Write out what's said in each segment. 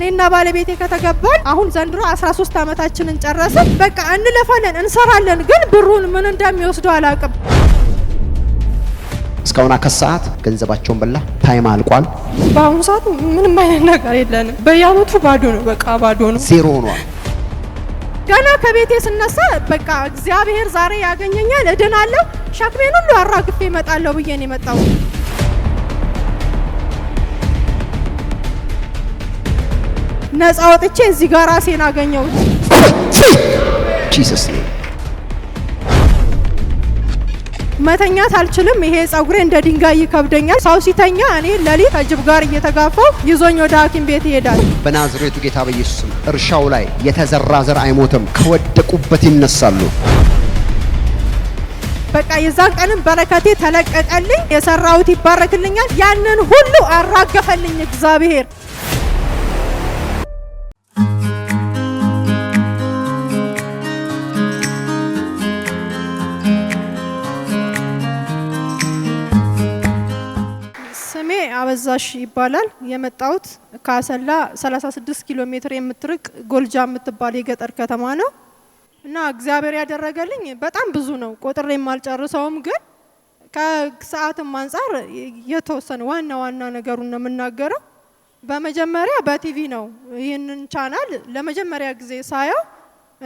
እኔና ባለቤቴ ከተገባን አሁን ዘንድሮ 13 ዓመታችንን ጨረስን። በቃ እንለፋለን፣ እንሰራለን፣ ግን ብሩን ምን እንደሚወስደው አላውቅም። እስካሁን አከስ ሰዓት ገንዘባቸውን በላ ታይም አልቋል። በአሁኑ ሰዓት ምንም አይነት ነገር የለንም። በየአመቱ ባዶ ነው፣ በቃ ባዶ ነው፣ ዜሮ ሆኗል። ገና ከቤቴ ስነሳ በቃ እግዚአብሔር ዛሬ ያገኘኛል፣ እድናለሁ፣ ሸክሜን ሁሉ አራግፌ እመጣለሁ ብዬ ነው የመጣው። ነፃ ወጥቼ እዚህ ጋር ራሴን አገኘሁት። መተኛት አልችልም። ይሄ ጸጉሬ እንደ ድንጋይ ይከብደኛል። ሰው ሲተኛ እኔ ለሊት እጅብ ጋር እየተጋፋው ይዞኝ ወደ ሐኪም ቤት ይሄዳል። በናዝሬቱ ጌታ ስም እርሻው ላይ የተዘራ ዘር አይሞትም፣ ከወደቁበት ይነሳሉ። በቃ የዛን ቀንም በረከቴ ተለቀቀልኝ። የሰራሁት ይባረክልኛል። ያንን ሁሉ አራገፈልኝ እግዚአብሔር። አበዛሽ ይባላል። የመጣሁት ከአሰላ 36 ኪሎ ሜትር የምትርቅ ጎልጃ የምትባል የገጠር ከተማ ነው እና እግዚአብሔር ያደረገልኝ በጣም ብዙ ነው፣ ቆጥሬ የማልጨርሰውም። ግን ከሰዓትም አንጻር የተወሰነ ዋና ዋና ነገሩን ነው የምናገረው። በመጀመሪያ በቲቪ ነው ይህንን ቻናል ለመጀመሪያ ጊዜ ሳየው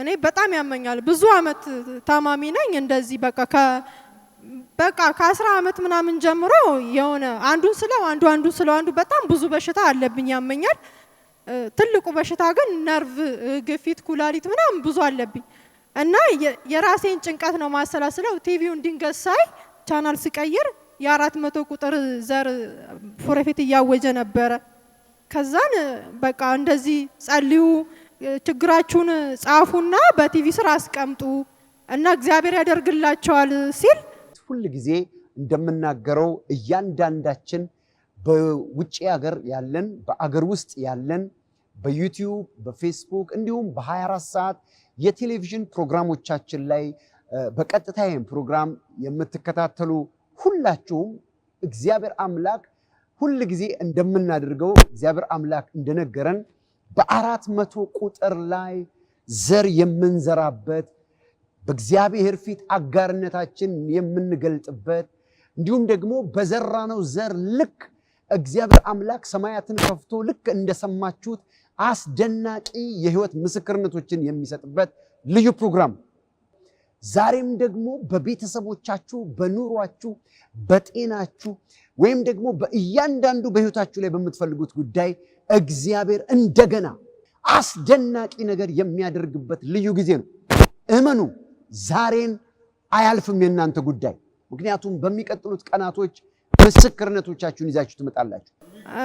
እኔ በጣም ያመኛል። ብዙ አመት ታማሚ ነኝ እንደዚህ በቃ በቃ ከአስራ አመት ምናምን ጀምሮ የሆነ አንዱን ስለው አንዱ አንዱ ስለው አንዱ በጣም ብዙ በሽታ አለብኝ፣ ያመኛል። ትልቁ በሽታ ግን ነርቭ፣ ግፊት፣ ኩላሊት ምናምን ብዙ አለብኝ እና የራሴን ጭንቀት ነው ማሰላስለው። ቲቪውን ድንገት ሳይ ቻናል ስቀይር የአራት መቶ ቁጥር ዘር ፎረፊት እያወጀ ነበረ። ከዛን በቃ እንደዚህ ጸልዩ፣ ችግራችሁን ጻፉና በቲቪ ስራ አስቀምጡ እና እግዚአብሔር ያደርግላቸዋል ሲል ሁል ጊዜ እንደምናገረው እያንዳንዳችን በውጭ ሀገር ያለን፣ በአገር ውስጥ ያለን፣ በዩቲዩብ በፌስቡክ እንዲሁም በ24 ሰዓት የቴሌቪዥን ፕሮግራሞቻችን ላይ በቀጥታ ይህን ፕሮግራም የምትከታተሉ ሁላችሁም እግዚአብሔር አምላክ ሁል ጊዜ እንደምናደርገው እግዚአብሔር አምላክ እንደነገረን በአራት መቶ ቁጥር ላይ ዘር የምንዘራበት በእግዚአብሔር ፊት አጋርነታችን የምንገልጥበት እንዲሁም ደግሞ በዘራነው ዘር ልክ እግዚአብሔር አምላክ ሰማያትን ከፍቶ ልክ እንደሰማችሁት አስደናቂ የህይወት ምስክርነቶችን የሚሰጥበት ልዩ ፕሮግራም ዛሬም ደግሞ በቤተሰቦቻችሁ፣ በኑሯችሁ፣ በጤናችሁ ወይም ደግሞ በእያንዳንዱ በህይወታችሁ ላይ በምትፈልጉት ጉዳይ እግዚአብሔር እንደገና አስደናቂ ነገር የሚያደርግበት ልዩ ጊዜ ነው። እመኑ። ዛሬን አያልፍም የእናንተ ጉዳይ። ምክንያቱም በሚቀጥሉት ቀናቶች ምስክርነቶቻችሁን ይዛችሁ ትመጣላችሁ።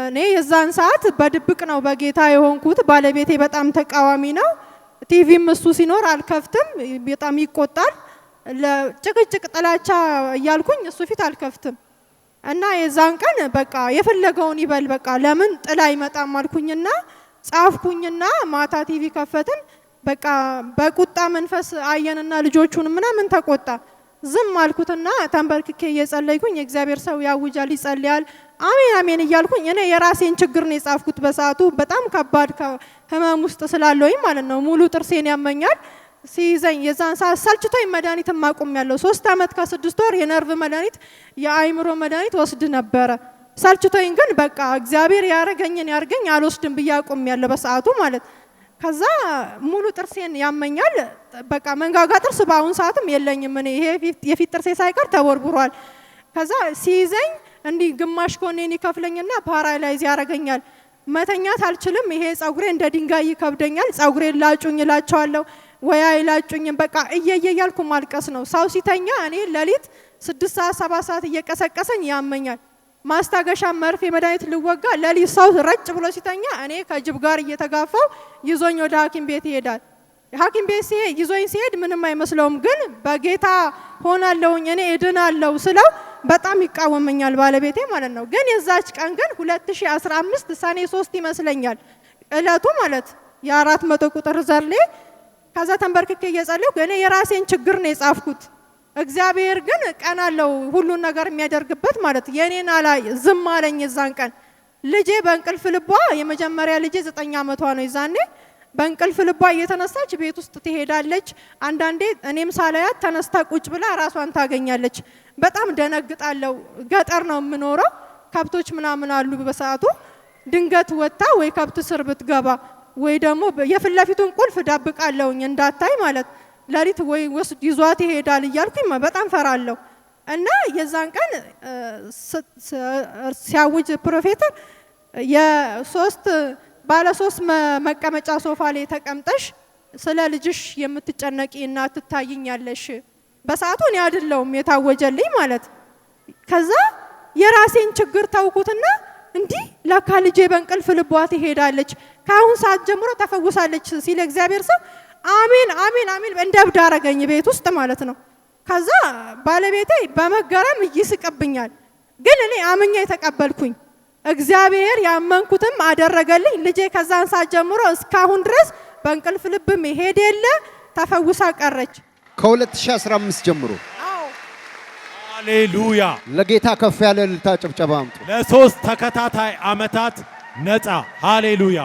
እኔ የዛን ሰዓት በድብቅ ነው በጌታ የሆንኩት። ባለቤቴ በጣም ተቃዋሚ ነው። ቲቪም እሱ ሲኖር አልከፍትም፣ በጣም ይቆጣል። ለጭቅጭቅ ጥላቻ እያልኩኝ እሱ ፊት አልከፍትም እና የዛን ቀን በቃ የፈለገውን ይበል በቃ ለምን ጥላ አይመጣም አልኩኝና ጻፍኩኝና ማታ ቲቪ ከፈትን። በቃ በቁጣ መንፈስ አየንና ልጆቹን ምናምን ተቆጣ። ዝም አልኩትና ተንበርክኬ እየጸለይኩኝ የእግዚአብሔር ሰው ያውጃል፣ ይጸልያል፣ አሜን አሜን እያልኩኝ እኔ የራሴን ችግር ነው የጻፍኩት በሰዓቱ በጣም ከባድ ህመም ውስጥ ስላለሁኝ ማለት ነው። ሙሉ ጥርሴን ያመኛል ሲይዘኝ የዛን ሰዓት ሰልችቶኝ መድኃኒት ማቆም ያለው ሶስት አመት ከስድስት ወር የነርቭ መድኃኒት የአይምሮ መድኃኒት ወስድ ነበረ። ሰልችቶኝ ግን በቃ እግዚአብሔር ያረገኝን ያርገኝ አልወስድም ብዬ አቆም ያለው በሰዓቱ ማለት ከዛ ሙሉ ጥርሴን ያመኛል። በቃ መንጋጋ ጥርስ በአሁን ሰዓትም የለኝም። እኔ ይሄ የፊት ጥርሴ ሳይቀር ተቦርቡሯል። ከዛ ሲይዘኝ እንዲህ ግማሽ ኮኔን ይከፍለኝና ፓራላይዝ ያደርገኛል። መተኛት አልችልም። ይሄ ጸጉሬ እንደ ድንጋይ ይከብደኛል። ጸጉሬን ላጩኝ እላቸዋለሁ፣ ወያ ይላጩኝም። በቃ እየየ እያልኩ ማልቀስ ነው። ሰው ሲተኛ እኔ ሌሊት ስድስት ሰዓት ሰባት ሰዓት እየቀሰቀሰኝ ያመኛል። ማስታገሻ መርፌ የመድኃኒት ልወጋ ለሊት ሰው ረጭ ብሎ ሲተኛ እኔ ከጅብ ጋር እየተጋፋው ይዞኝ ወደ ሐኪም ቤት ይሄዳል። ሐኪም ቤት ሲሄድ ይዞኝ ሲሄድ ምንም አይመስለውም፣ ግን በጌታ ሆናለውኝ እኔ እድናለው ስለው በጣም ይቃወመኛል ባለቤቴ ማለት ነው። ግን የዛች ቀን ግን 2015 ሰኔ 3 ይመስለኛል እለቱ ማለት የአራት መቶ ቁጥር ዘርሌ ከዛ ተንበርክኬ እየጸለይኩ እኔ የራሴን ችግር ነው የጻፍኩት እግዚአብሔር ግን ቀን አለው ሁሉን ነገር የሚያደርግበት ማለት የኔን አላ ዝም አለኝ። እዛን ቀን ልጄ በእንቅልፍ ልቧ የመጀመሪያ ልጄ ዘጠኝ ዓመቷ ነው። ይዛኔ በእንቅልፍ ልቧ እየተነሳች ቤት ውስጥ ትሄዳለች። አንዳንዴ እኔም ሳላያት ተነስታ ቁጭ ብላ ራሷን ታገኛለች። በጣም ደነግጣለው ገጠር ነው የምኖረው። ከብቶች ምናምን አሉ። በሰዓቱ ድንገት ወጥታ ወይ ከብት ስር ብትገባ ወይ ደግሞ የፊት ለፊቱን ቁልፍ ዳብቃለሁኝ እንዳታይ ማለት ለሊት ወይ ወስድ ይዟት ይሄዳል እያልኩኝ በጣም ፈራለሁ። እና የዛን ቀን ሲያውጅ ፕሮፌተር የሶስት ባለ ሶስት መቀመጫ ሶፋ ላይ ተቀምጠሽ ስለ ልጅሽ የምትጨነቂ እና ትታይኛለሽ። በሰዓቱ እኔ አይደለሁም የታወጀልኝ ማለት። ከዛ የራሴን ችግር ተውኩትና እንዲህ ለካ ልጄ በእንቅልፍ ልቧ ትሄዳለች፣ ከአሁን ሰዓት ጀምሮ ተፈውሳለች ሲል እግዚአብሔር ሰው አሜን አሚን አሜን እንደ እብድ አረገኝ ቤት ውስጥ ማለት ነው። ከዛ ባለቤቴ በመገረም ይስቅብኛል፣ ግን እኔ አምኛ የተቀበልኩኝ እግዚአብሔር ያመንኩትም አደረገልኝ። ልጄ ከዛን ሰዓት ጀምሮ እስካሁን ድረስ በእንቅልፍ ልብም ይሄድ የለ ተፈውሳ ቀረች። ከ2015 ጀምሮ አሌሉያ! ለጌታ ከፍ ያለ ልታ ጭብጨባ አምጡ። ለሶስት ተከታታይ አመታት ነፃ ሃሌሉያ!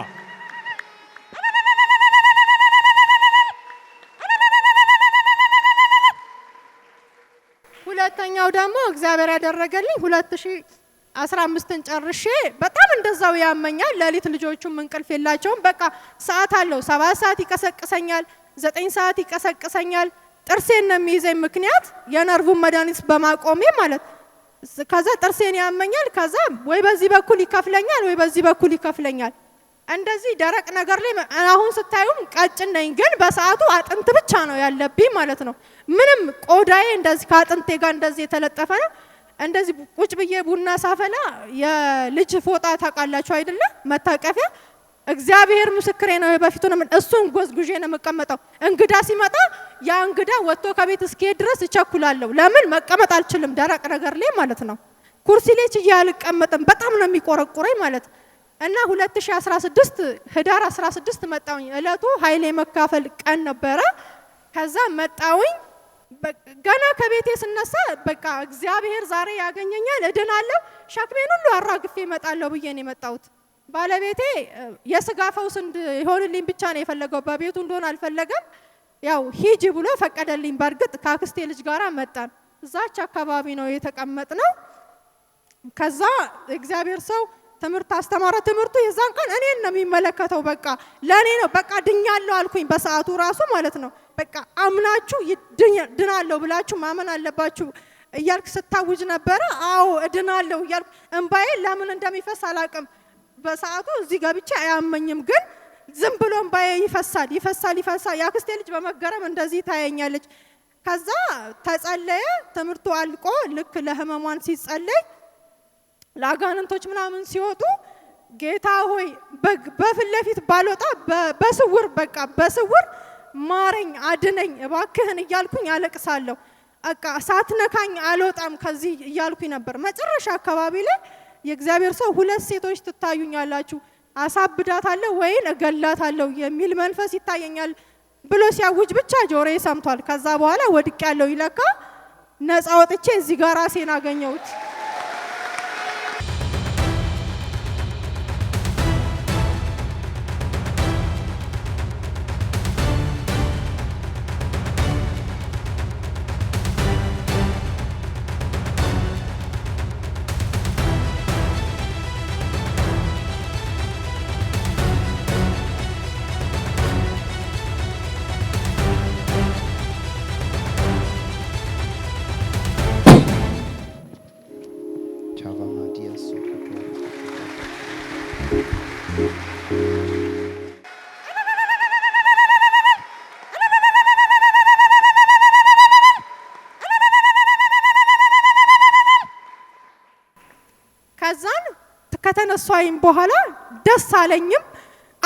ሌላው ደግሞ እግዚአብሔር ያደረገልኝ ሁለት ሺ አስራ አምስትን ጨርሼ በጣም እንደዛው ያመኛል። ሌሊት ልጆቹም እንቅልፍ የላቸውም። በቃ ሰዓት አለው። ሰባት ሰዓት ይቀሰቅሰኛል፣ ዘጠኝ ሰዓት ይቀሰቅሰኛል። ጥርሴን ነው የሚይዘኝ፣ ምክንያት የነርቡን መድኃኒት በማቆሜ ማለት ከዛ ጥርሴን ያመኛል። ከዛ ወይ በዚህ በኩል ይከፍለኛል፣ ወይ በዚህ በኩል ይከፍለኛል። እንደዚህ ደረቅ ነገር ላይ አሁን ስታዩም ቀጭን ነኝ፣ ግን በሰዓቱ አጥንት ብቻ ነው ያለብኝ ማለት ነው። ምንም ቆዳዬ እንደዚህ ከአጥንቴ ጋር እንደዚህ የተለጠፈ ነው። እንደዚህ ቁጭ ብዬ ቡና ሳፈላ የልጅ ፎጣ ታውቃላችሁ አይደለ? መታቀፊያ እግዚአብሔር ምስክሬ ነው። ነው እሱን ጎዝጉዤ ነው የምቀመጠው። እንግዳ ሲመጣ ያ እንግዳ ወጥቶ ከቤት እስኪሄድ ድረስ እቸኩላለሁ። ለምን መቀመጥ አልችልም፣ ደረቅ ነገር ላይ ማለት ነው። ኩርሲ ላይ ችዬ አልቀመጥም። በጣም ነው የሚቆረቁረኝ ማለት እና 2016 ህዳር 16 መጣውኝ። እለቱ ኃይሌ መካፈል ቀን ነበረ። ከዛ መጣውኝ። ገና ከቤቴ ስነሳ በቃ እግዚአብሔር ዛሬ ያገኘኛል፣ እድናለሁ፣ ሸክሜን ሁሉ አራግፌ እመጣለሁ ብዬ ነው የመጣሁት። ባለቤቴ የስጋ ፈውስ እንዲሆንልኝ ብቻ ነው የፈለገው፣ በቤቱ እንደሆነ አልፈለገም። ያው ሂጂ ብሎ ፈቀደልኝ። በእርግጥ ከአክስቴ ልጅ ጋር መጣን። እዛች አካባቢ ነው ነው። ከዛ እግዚአብሔር ሰው ትምህርት አስተማረ። ትምህርቱ የዛን ቀን እኔን ነው የሚመለከተው። በቃ ለእኔ ነው በቃ ድኛለሁ አልኩኝ። በሰዓቱ ራሱ ማለት ነው በቃ አምናችሁ ድናለሁ ብላችሁ ማመን አለባችሁ እያልክ ስታውጅ ነበረ። አዎ እድናለሁ እያልኩ እምባዬ ለምን እንደሚፈስ አላቅም። በሰዓቱ እዚህ ገብቼ አያመኝም፣ ግን ዝም ብሎ እምባዬ ይፈሳል ይፈሳል ይፈሳል። የአክስቴ ልጅ በመገረም እንደዚህ ታየኛለች። ከዛ ተጸለየ። ትምህርቱ አልቆ ልክ ለህመሟን ሲጸለይ ለአጋንንቶች ምናምን ሲወጡ ጌታ ሆይ በፊት ለፊት ባልወጣ በስውር በቃ በስውር ማረኝ፣ አድነኝ እባክህን እያልኩኝ አለቅሳለሁ። በቃ ሳትነካኝ አልወጣም ከዚህ እያልኩኝ ነበር። መጨረሻ አካባቢ ላይ የእግዚአብሔር ሰው ሁለት ሴቶች ትታዩኛላችሁ፣ አሳብዳታለሁ ወይን እገላታለሁ የሚል መንፈስ ይታየኛል ብሎ ሲያውጅ ብቻ ጆሮዬ ሰምቷል። ከዛ በኋላ ወድቅ ያለው ይለካ ነፃ ወጥቼ እዚህ ጋር ራሴን አገኘሁት። ካስነሷይም በኋላ ደስ አለኝም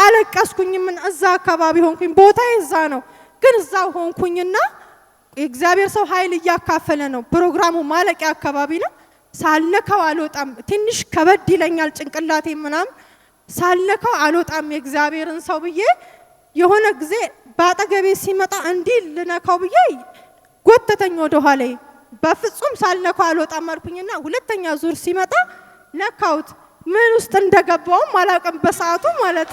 አለቀስኩኝም። እዛ አካባቢ ሆንኩኝ። ቦታ እዛ ነው፣ ግን እዛ ሆንኩኝና የእግዚአብሔር ሰው ኃይል እያካፈለ ነው። ፕሮግራሙ ማለቂያ አካባቢ ነው። ሳልነካው አልወጣም። ትንሽ ከበድ ይለኛል ጭንቅላቴ ምናም ሳልነካው አልወጣም የእግዚአብሔርን ሰው ብዬ የሆነ ጊዜ በአጠገቤ ሲመጣ እንዲ ልነካው ብዬ ጎተተኝ ወደ በፍጹም ሳልነካው አልወጣም አልኩኝና ሁለተኛ ዙር ሲመጣ ነካውት። ምን ውስጥ እንደገባውም አላውቅም በሰዓቱ ማለት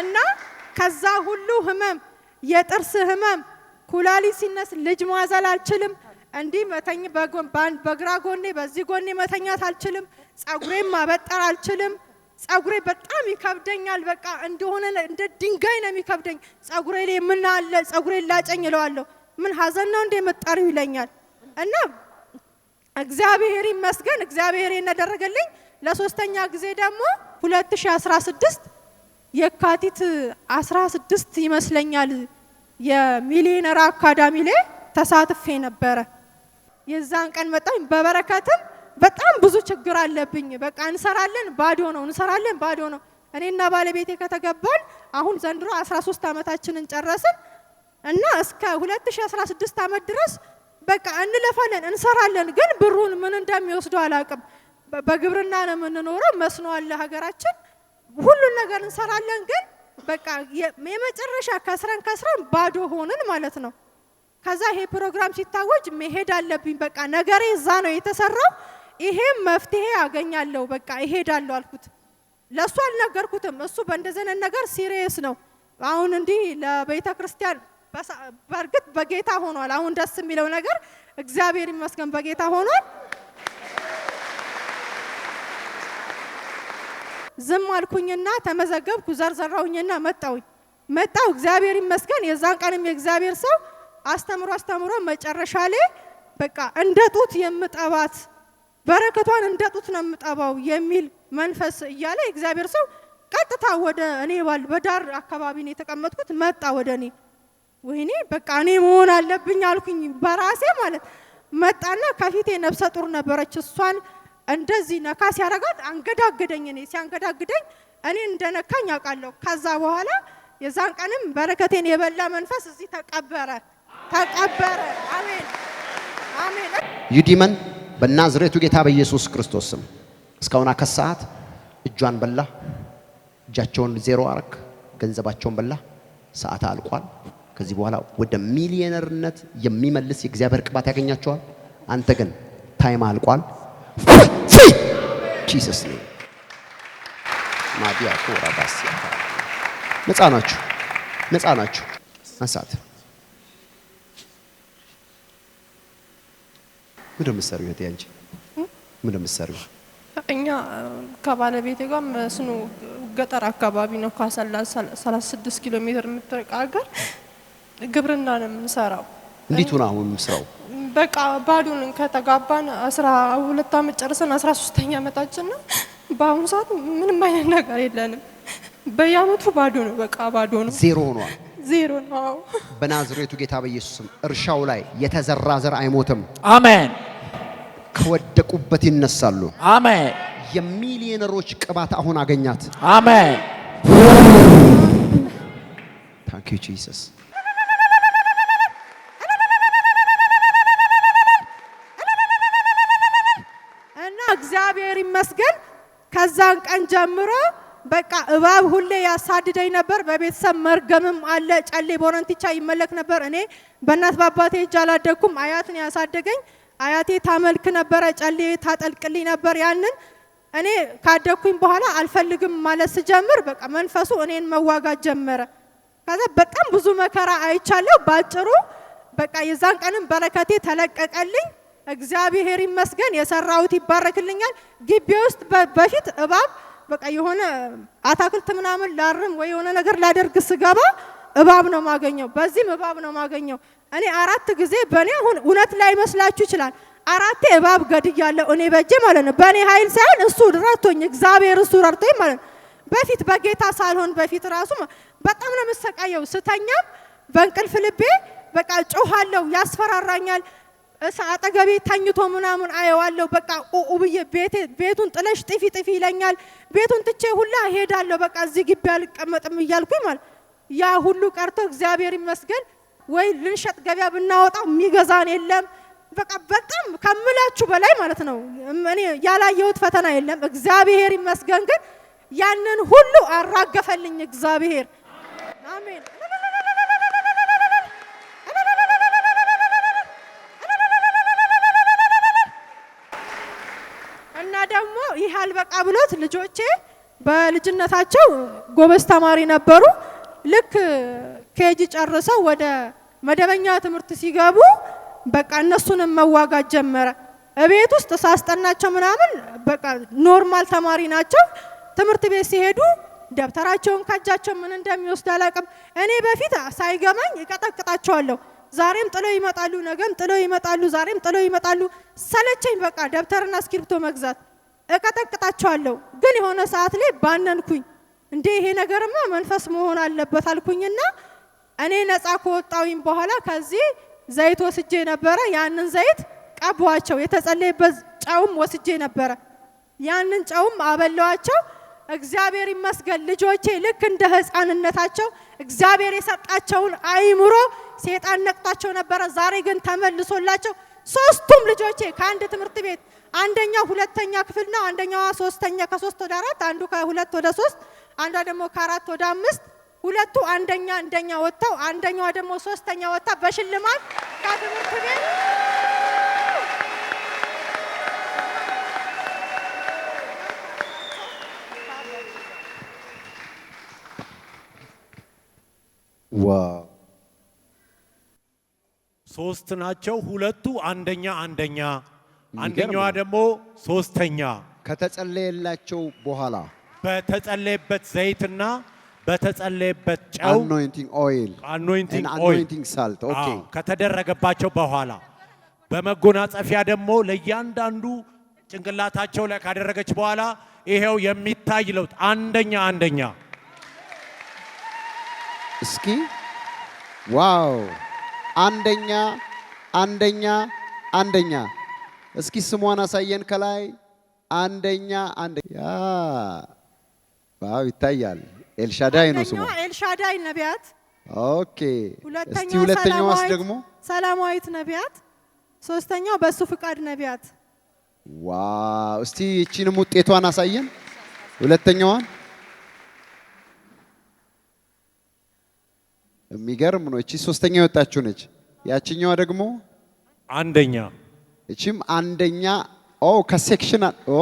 እና ከዛ ሁሉ ህመም የጥርስ ህመም፣ ኩላሊ ሲነስ ልጅ ማዘል አልችልም። እንዲህ በግራ ጎኔ በዚህ ጎኔ መተኛት አልችልም። ጸጉሬም ማበጠር አልችልም። ጸጉሬ በጣም ይከብደኛል። በቃ እንደሆነ እንደ ድንጋይ ነው የሚከብደኝ። ጸጉሬ ላይ ምን አለ ጸጉሬ ላጨኝ እለዋለሁ። ምን ሀዘን ነው እንደ መጣሪው ይለኛል። እና እግዚአብሔር ይመስገን እግዚአብሔር እናደረገልኝ። ለሶስተኛ ጊዜ ደግሞ 2016 የካቲት 16 ይመስለኛል የሚሊየነር አካዳሚ ላይ ተሳትፌ ነበረ። የዛን ቀን መጣኝ በበረከትም በጣም ብዙ ችግር አለብኝ። በቃ እንሰራለን ባዶ ነው፣ እንሰራለን ባዶ ነው። እኔና ባለቤቴ ከተገባን አሁን ዘንድሮ 13 ዓመታችንን ጨረስን እና እስከ 2016 ዓመት ድረስ በቃ እንለፋለን፣ እንሰራለን። ግን ብሩን ምን እንደሚወስደው አላውቅም። በግብርና ነው የምንኖረው፣ መስኖ አለ ሀገራችን። ሁሉን ነገር እንሰራለን፣ ግን በቃ የመጨረሻ ከስረን ከስረን ባዶ ሆንን ማለት ነው። ከዛ ይሄ ፕሮግራም ሲታወጅ መሄድ አለብኝ። በቃ ነገሬ እዛ ነው የተሰራው ይሄም መፍትሄ ያገኛለሁ በቃ ይሄዳለሁ አልኩት። ለእሱ አልነገርኩትም። እሱ በእንደዘነ ነገር ሲሪየስ ነው። አሁን እንዲህ ለቤተ ክርስቲያን በእርግጥ በጌታ ሆኗል። አሁን ደስ የሚለው ነገር እግዚአብሔር ይመስገን በጌታ ሆኗል። ዝም አልኩኝና ተመዘገብኩ። ዘርዘራውኝና መጣውኝ መጣው እግዚአብሔር ይመስገን። የዛን ቀንም የእግዚአብሔር ሰው አስተምሮ አስተምሮ መጨረሻ ላይ በቃ እንደ ጡት የምጠባት በረከቷን እንደ ጡት ነው የምጠባው የሚል መንፈስ እያለ እግዚአብሔር ሰው ቀጥታ ወደ እኔ ባል በዳር አካባቢ ነው የተቀመጥኩት። መጣ ወደ እኔ። ወይኔ በቃ እኔ መሆን አለብኝ አልኩኝ በራሴ ማለት መጣና ከፊቴ ነፍሰ ጡር ነበረች። እሷን እንደዚህ ነካ ሲያረጋት አንገዳግደኝ። እኔ ሲያንገዳግደኝ እኔ እንደነካኝ አውቃለሁ። ከዛ በኋላ የዛን ቀንም በረከቴን የበላ መንፈስ እዚህ ተቀበረ ተቀበረ። አሜን አሜን። ዩዲመን በናዝሬቱ ጌታ በኢየሱስ ክርስቶስ ስም እስካሁን አከሳት፣ እጇን በላ፣ እጃቸውን ዜሮ አረክ፣ ገንዘባቸውን በላ። ሰዓት አልቋል። ከዚህ በኋላ ወደ ሚሊየነርነት የሚመልስ የእግዚአብሔር ቅባት ያገኛቸዋል። አንተ ግን ታይም አልቋል። ጂሰስ ነው ማዲያ ኮራ ባስ ነጻ ናችሁ፣ ነጻ ናችሁ። ምን የምትሰሪው እህቴ? አንቺ ምን የምትሰሪው? እኛ ከባለቤቴ ጋር መስኖ ገጠር አካባቢ ነው፣ ካሰላ 36 ኪሎ ሜትር የምትርቅ ሀገር ግብርና ነው የምንሰራው። እንዴት ነው አሁን የምትሰራው? በቃ ባዶን ከተጋባን 12 ዓመት ጨርሰን 13ኛ ዓመታችን ነው። በአሁኑ ሰዓት ምንም አይነት ነገር የለንም። በየአመቱ ባዶ ነው፣ በቃ ባዶ ነው፣ ዜሮ ሆኗል። ዜሮ ነው። በናዝሬቱ ጌታ በኢየሱስም እርሻው ላይ የተዘራ ዘር አይሞትም። አሜን። ከወደቁበት ይነሳሉ። አሜን። የሚሊዮነሮች ቅባት አሁን አገኛት። አሜን። ታንክ ዩ ጂሰስ። እና እግዚአብሔር ይመስገን ከዛን ቀን ጀምሮ በቃ እባብ ሁሌ ያሳድደኝ ነበር። በቤተሰብ መርገምም አለ። ጨሌ ቦረንቲቻ ይመለክ ነበር። እኔ በእናት በአባቴ እጅ አላደግኩም። አያትን ያሳደገኝ። አያቴ ታመልክ ነበረ፣ ጨሌ ታጠልቅልኝ ነበር። ያንን እኔ ካደግኩኝ በኋላ አልፈልግም ማለት ስጀምር በቃ መንፈሱ እኔን መዋጋት ጀመረ። ከዛ በጣም ብዙ መከራ አይቻለሁ። ባጭሩ በቃ የዛን ቀንም በረከቴ ተለቀቀልኝ። እግዚአብሔር ይመስገን። የሰራሁት ይባረክልኛል። ግቢ ውስጥ በፊት እባብ በቃ የሆነ አታክልት ምናምን ላርም ወይ የሆነ ነገር ላደርግ ስገባ እባብ ነው ማገኘው፣ በዚህም እባብ ነው ማገኘው። እኔ አራት ጊዜ በእኔ አሁን እውነት ላይ መስላችሁ ይችላል አራቴ እባብ ገድያለሁ እኔ በእጄ ማለት ነው። በእኔ ኃይል ሳይሆን እሱ ረቶኝ፣ እግዚአብሔር እሱ ረድቶኝ ማለት ነው። በፊት በጌታ ሳልሆን በፊት ራሱ በጣም ነው የምሰቃየው። ስተኛም በእንቅልፍ ልቤ በቃ ጮኋለሁ፣ ያስፈራራኛል እሳ አጠገቤ ተኝቶ ምናምን አየዋለሁ። በቃ ኡብዬ ቤቱን ጥለሽ ጥፊ ጥፊ ይለኛል። ቤቱን ትቼ ሁላ ሄዳለሁ በቃ እዚህ ግቢ አልቀመጥም እያልኩኝ ማለት ያ ሁሉ ቀርቶ እግዚአብሔር ይመስገን ወይ ልንሸጥ ገበያ ብናወጣው የሚገዛን የለም። በቃ በጣም ከምላችሁ በላይ ማለት ነው። እኔ ያላየሁት ፈተና የለም። እግዚአብሔር ይመስገን ግን ያንን ሁሉ አራገፈልኝ እግዚአብሔር አሜን። ይህ አልበቃ ብሎት ልጆቼ በልጅነታቸው ጎበዝ ተማሪ ነበሩ። ልክ ኬጂ ጨርሰው ወደ መደበኛ ትምህርት ሲገቡ በቃ እነሱንም መዋጋት ጀመረ። እቤት ውስጥ ሳስጠናቸው ምናምን በቃ ኖርማል ተማሪ ናቸው። ትምህርት ቤት ሲሄዱ ደብተራቸውን ከእጃቸው ምን እንደሚወስድ አላውቅም። እኔ በፊት ሳይገባኝ እቀጠቅጣቸዋለሁ። ዛሬም ጥለው ይመጣሉ፣ ነገም ጥለው ይመጣሉ፣ ዛሬም ጥለው ይመጣሉ። ሰለቸኝ በቃ ደብተርና እስክሪብቶ መግዛት እቀጠቅጣቸዋለሁ። ግን የሆነ ሰዓት ላይ ባነንኩኝ። እንዴ ይሄ ነገርማ መንፈስ መሆን አለበት አልኩኝና እኔ ነፃ ከወጣውኝ በኋላ ከዚህ ዘይት ወስጄ ነበረ። ያንን ዘይት ቀቧቸው። የተጸለየበት ጨውም ወስጄ ነበረ። ያንን ጨውም አበላዋቸው። እግዚአብሔር ይመስገን ልጆቼ ልክ እንደ ህፃንነታቸው እግዚአብሔር የሰጣቸውን አይምሮ ሴጣን ነቅቷቸው ነበረ። ዛሬ ግን ተመልሶላቸው ሶስቱም ልጆቼ ከአንድ ትምህርት ቤት አንደኛው ሁለተኛ ክፍል ነው። አንደኛዋ ሶስተኛ ከሶስት ወደ አራት አንዱ ከሁለት ወደ ሶስት አንዷ ደግሞ ከአራት ወደ አምስት ሁለቱ አንደኛ እንደኛ ወጥተው አንደኛዋ ደግሞ ሶስተኛ ወጥታ በሽልማት ከትምህርት ቤት ዋው ሶስት ናቸው። ሁለቱ አንደኛ አንደኛ አንደኛዋ ደግሞ ሶስተኛ ከተጸለየላቸው በኋላ በተጸለየበት ዘይትና በተጸለየበት ጨው አኖይንቲንግ ሳልት ከተደረገባቸው በኋላ በመጎናጸፊያ ደግሞ ለእያንዳንዱ ጭንቅላታቸው ላይ ካደረገች በኋላ ይሄው የሚታይ ለውጥ አንደኛ አንደኛ እስኪ ዋው አንደኛ አንደኛ አንደኛ። እስኪ ስሟን አሳየን ከላይ አንደኛ አንደኛ። ዋው ይታያል። ኤልሻዳይ ነው ስሟ። ኤልሻዳይ ነቢያት። ኦኬ። እስቲ ሁለተኛዋስ ደግሞ ሰላማዊት ነቢያት። ሶስተኛው በእሱ ፍቃድ ነቢያት። ዋው! እስቲ እቺንም ውጤቷን አሳየን ሁለተኛዋን የሚገርም ነው። እቺ ሶስተኛ የወጣችው ነች። ያችኛዋ ደግሞ አንደኛ፣ እቺም አንደኛ። ኦ ከሴክሽን ኦ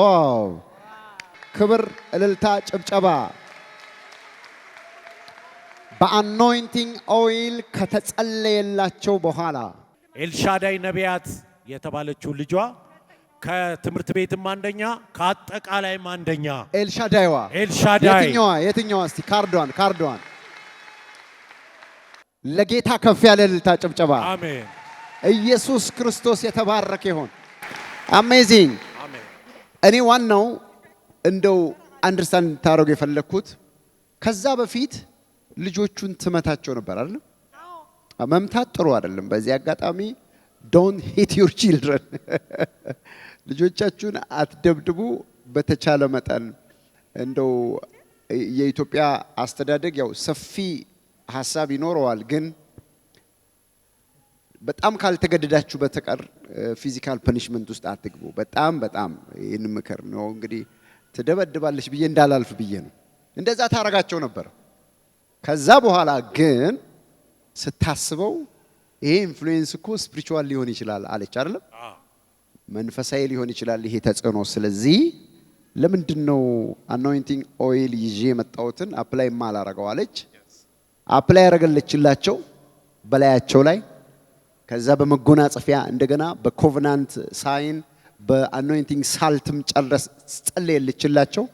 ክብር፣ እልልታ፣ ጭብጨባ በአኖይንቲንግ ኦይል ከተጸለየላቸው በኋላ ኤልሻዳይ ነቢያት የተባለችው ልጇ ከትምህርት ቤትም አንደኛ ከአጠቃላይም አንደኛ ኤልሻዳይዋ ኤልሻዳይ የትኛዋ የትኛዋ እስቲ ካርዷን ካርዷን ለጌታ ከፍ ያለ ልልታ ጭብጨባ። አሜን። ኢየሱስ ክርስቶስ የተባረከ ይሆን። አሜዚንግ። እኔ ዋናው እንደው አንደርስታንድ ታደርጉ የፈለግኩት ከዛ በፊት ልጆቹን ትመታቸው ነበር አይደል? መምታት ጥሩ አይደለም። በዚህ አጋጣሚ ዶንት ሂት ዩር ቺልድረን፣ ልጆቻችሁን አትደብድቡ። በተቻለ መጠን እንደው የኢትዮጵያ አስተዳደግ ያው ሰፊ ሀሳብ ይኖረዋል። ግን በጣም ካልተገደዳችሁ በተቀር ፊዚካል ፐኒሽመንት ውስጥ አትግቡ። በጣም በጣም ይህን ምክር ነው እንግዲህ ትደበድባለች ብዬ እንዳላልፍ ብዬ ነው። እንደዛ ታረጋቸው ነበር። ከዛ በኋላ ግን ስታስበው ይሄ ኢንፍሉዌንስ እኮ ስፒሪቹዋል ሊሆን ይችላል አለች አይደለም፣ መንፈሳዊ ሊሆን ይችላል ይሄ ተጽዕኖ። ስለዚህ ለምንድን ነው አናይንቲንግ ኦይል ይዤ የመጣሁትን አፕላይ ማላረገው አለች። አፕላይ ያደረገለችላቸው በላያቸው ላይ ከዛ በመጎናጸፊያ እንደገና በኮቨናንት ሳይን በአኖይንቲንግ ሳልትም ጨረስ ጸለየልችላቸው።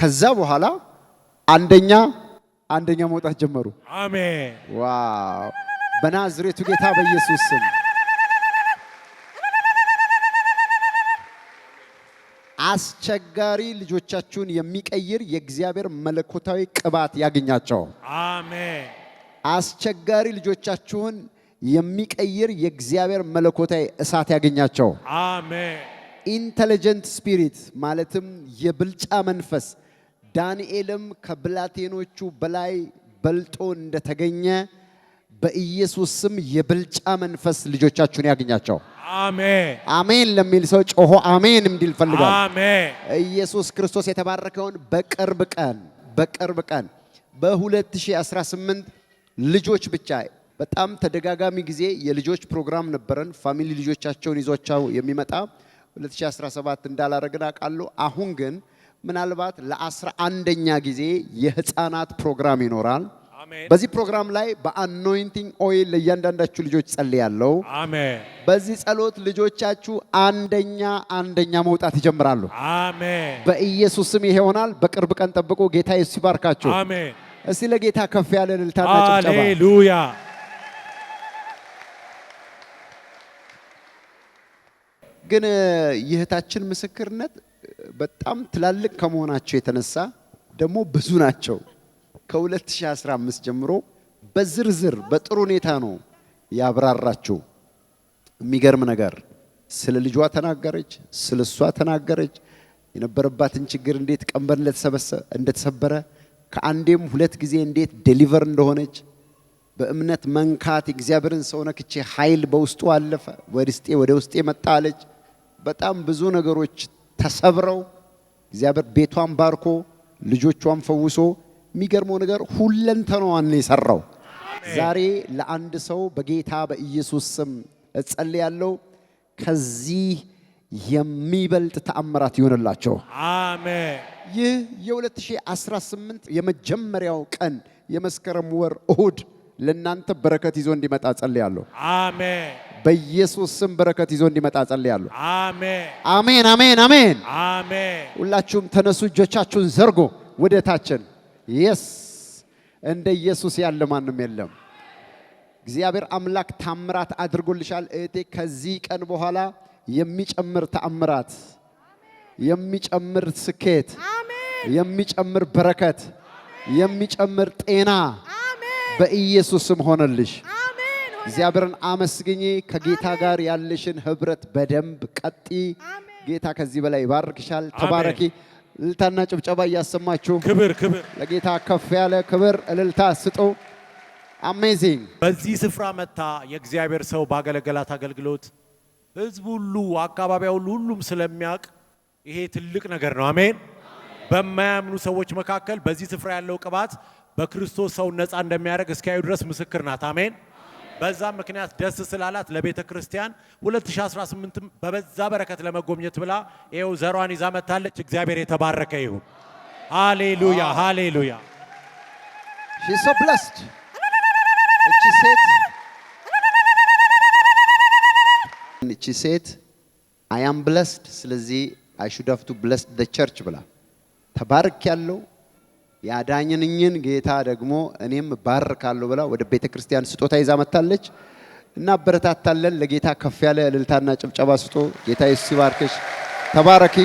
ከዛ በኋላ አንደኛ አንደኛ መውጣት ጀመሩ። አሜን። ዋው! በናዝሬቱ ጌታ በኢየሱስ ስም አስቸጋሪ ልጆቻችሁን የሚቀይር የእግዚአብሔር መለኮታዊ ቅባት ያገኛቸው። አሜን። አስቸጋሪ ልጆቻችሁን የሚቀይር የእግዚአብሔር መለኮታዊ እሳት ያገኛቸው። አሜን። ኢንተለጀንት ስፒሪት ማለትም የብልጫ መንፈስ ዳንኤልም ከብላቴኖቹ በላይ በልጦ እንደተገኘ በኢየሱስ ስም የብልጫ መንፈስ ልጆቻችሁን ያገኛቸው። አሜን ለሚል ሰው ጮሆ አሜን እንዲል ፈልጋል። ኢየሱስ ክርስቶስ የተባረከውን በቅርብ ቀን በቅርብ ቀን በ2018 ልጆች ብቻ በጣም ተደጋጋሚ ጊዜ የልጆች ፕሮግራም ነበረን። ፋሚሊ ልጆቻቸውን ይዟቸው የሚመጣ 2017 እንዳላረግን አውቃለሁ። አሁን ግን ምናልባት ለአስራ አንደኛ ጊዜ የህፃናት ፕሮግራም ይኖራል። በዚህ ፕሮግራም ላይ በአኖይንቲንግ ኦይል ለእያንዳንዳችሁ ልጆች ጸልያለሁ። አሜን። በዚህ ጸሎት ልጆቻችሁ አንደኛ አንደኛ መውጣት ይጀምራሉ። አሜን። በኢየሱስ ስም ይሄ ይሆናል። በቅርብ ቀን ጠብቆ ጌታ ኢየሱስ ይባርካችሁ። አሜን። እስቲ ለጌታ ከፍ ያለ እልልታና ጭብጨባ። ሃሌሉያ። ግን የእህታችን ምስክርነት በጣም ትላልቅ ከመሆናቸው የተነሳ ደግሞ ብዙ ናቸው። ከ2015 ጀምሮ በዝርዝር በጥሩ ሁኔታ ነው ያብራራችው። የሚገርም ነገር ስለ ልጇ ተናገረች፣ ስለ እሷ ተናገረች። የነበረባትን ችግር እንዴት ቀንበር እንደተሰበረ ከአንዴም ሁለት ጊዜ እንዴት ዴሊቨር እንደሆነች በእምነት መንካት እግዚአብሔርን ሰው ነክቼ ኃይል በውስጡ አለፈ ወድስጤ ወደ ውስጤ መጣለች በጣም ብዙ ነገሮች ተሰብረው እግዚአብሔር ቤቷን ባርኮ ልጆቿን ፈውሶ የሚገርመው ነገር ሁለንተናዋን ነው የሰራው። ዛሬ ለአንድ ሰው በጌታ በኢየሱስ ስም እጸልያለሁ ከዚህ የሚበልጥ ተአምራት ይሆንላቸው። አሜን። ይህ የ2018 የመጀመሪያው ቀን የመስከረም ወር እሁድ ለእናንተ በረከት ይዞ እንዲመጣ ጸልያለሁ። አሜን። በኢየሱስ ስም በረከት ይዞ እንዲመጣ ጸልያለሁ። አሜን፣ አሜን፣ አሜን፣ አሜን። ሁላችሁም ተነሱ፣ እጆቻችሁን ዘርጎ ወደ ታችን የስ እንደ ኢየሱስ ያለ ማንም የለም። እግዚአብሔር አምላክ ታምራት አድርጎልሻል እህቴ። ከዚህ ቀን በኋላ የሚጨምር ታምራት፣ የሚጨምር ስኬት፣ የሚጨምር በረከት፣ የሚጨምር ጤና በኢየሱስም ስም ሆነልሽ። እግዚአብሔርን አመስግኚ። ከጌታ ጋር ያለሽን ህብረት በደንብ ቀጢ። ጌታ ከዚህ በላይ ይባርክሻል። ተባረኪ። እልልታና ጭብጨባ እያሰማችሁ ክብር ክብር ለጌታ ከፍ ያለ ክብር እልልታ ስጡ። አሜዚንግ። በዚህ ስፍራ መታ የእግዚአብሔር ሰው ባገለገላት አገልግሎት ህዝብ ሁሉ አካባቢያው ሁሉ ሁሉም ስለሚያውቅ ይሄ ትልቅ ነገር ነው። አሜን። በማያምኑ ሰዎች መካከል በዚህ ስፍራ ያለው ቅባት በክርስቶስ ሰውን ነፃ እንደሚያደርግ እስኪያዩ ድረስ ምስክር ናት። አሜን። በዛ ምክንያት ደስ ስላላት ለቤተ ክርስቲያን 2018 በበዛ በረከት ለመጎብኘት ብላ ይኸው ዘሯን ይዛ መታለች። እግዚአብሔር የተባረከ ይሁን። ሃሌሉያ ሃሌሉያ። እቺ ሴት አያም ብለስድ ስለዚህ አይሹድ ሀቭ ቱ ብለስድ ቸርች ብላ ተባርክ ያለው ያዳኝንኝን ጌታ ደግሞ እኔም ባርካለሁ ብላ ወደ ቤተ ክርስቲያን ስጦታ ይዛ መጥታለች። በረታታለን ለጌታ ከፍ ያለ እልልታና ጭብጨባ ስጦ ጌታ ኢየሱስ ይባርክሽ። ተባረኪ።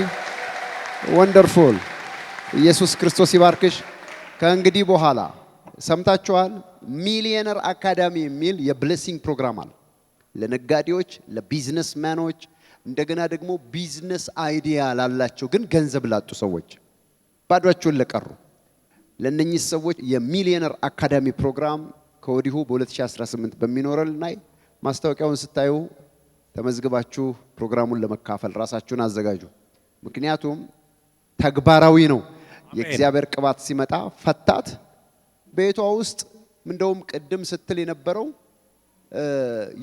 ወንደርፉል። ኢየሱስ ክርስቶስ ይባርክሽ። ከእንግዲህ በኋላ ሰምታችኋል። ሚሊየነር አካዳሚ የሚል የብሌሲንግ ፕሮግራም አለ። ለነጋዴዎች፣ ለቢዝነስ ማኖች እንደገና ደግሞ ቢዝነስ አይዲያ ላላቸው ግን ገንዘብ ላጡ ሰዎች ባዷቸውን ለቀሩ ለእነኚህ ሰዎች የሚሊዮነር አካዳሚ ፕሮግራም ከወዲሁ በ2018 በሚኖረን ላይ ማስታወቂያውን ስታዩ ተመዝግባችሁ ፕሮግራሙን ለመካፈል ራሳችሁን አዘጋጁ። ምክንያቱም ተግባራዊ ነው። የእግዚአብሔር ቅባት ሲመጣ ፈታት ቤቷ ውስጥ እንደውም ቅድም ስትል የነበረው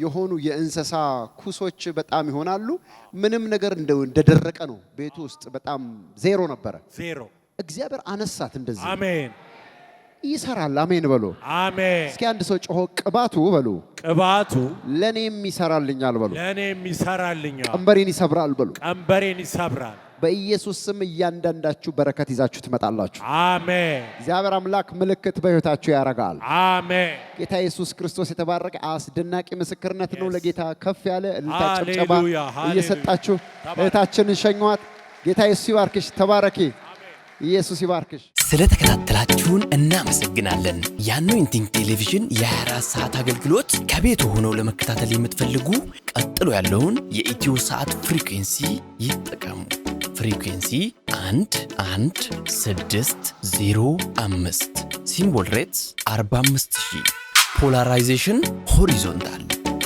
የሆኑ የእንስሳ ኩሶች በጣም ይሆናሉ። ምንም ነገር እንደደረቀ ነው ቤቱ ውስጥ በጣም ዜሮ ነበረ። እግዚአብሔር አነሳት። እንደዚህ አሜን ይሰራል። አሜን በሉ አሜን። እስኪ አንድ ሰው ጮሆ ቅባቱ በሉ ቅባቱ ለኔም ይሰራልኛል በሉ ለኔም ይሰራልኛል። ቀንበሬን ይሰብራል በሉ ቀንበሬን ይሰብራል። በኢየሱስ ስም እያንዳንዳችሁ በረከት ይዛችሁ ትመጣላችሁ። አሜን። እግዚአብሔር አምላክ ምልክት በሕይወታችሁ ያደርጋል። አሜን። ጌታ ኢየሱስ ክርስቶስ የተባረከ አስደናቂ ምስክርነት ነው። ለጌታ ከፍ ያለ እልልታ፣ ጭብጨባ እየሰጣችሁ እህታችንን ሸኟት። ጌታ ኢየሱስ ይባርክሽ። ተባረኪ። ኢየሱስ ይባርክሽ። ስለተከታተላችሁን እናመሰግናለን። የአኖይንቲንግ ቴሌቪዥን የ24 ሰዓት አገልግሎት ከቤቱ ሆነው ለመከታተል የምትፈልጉ ቀጥሎ ያለውን የኢትዮ ሰዓት ፍሪኩንሲ ይጠቀሙ። ፍሪኩንሲ 1 1 6 05 ሲምቦል ሬትስ 45000 ፖላራይዜሽን ሆሪዞንታል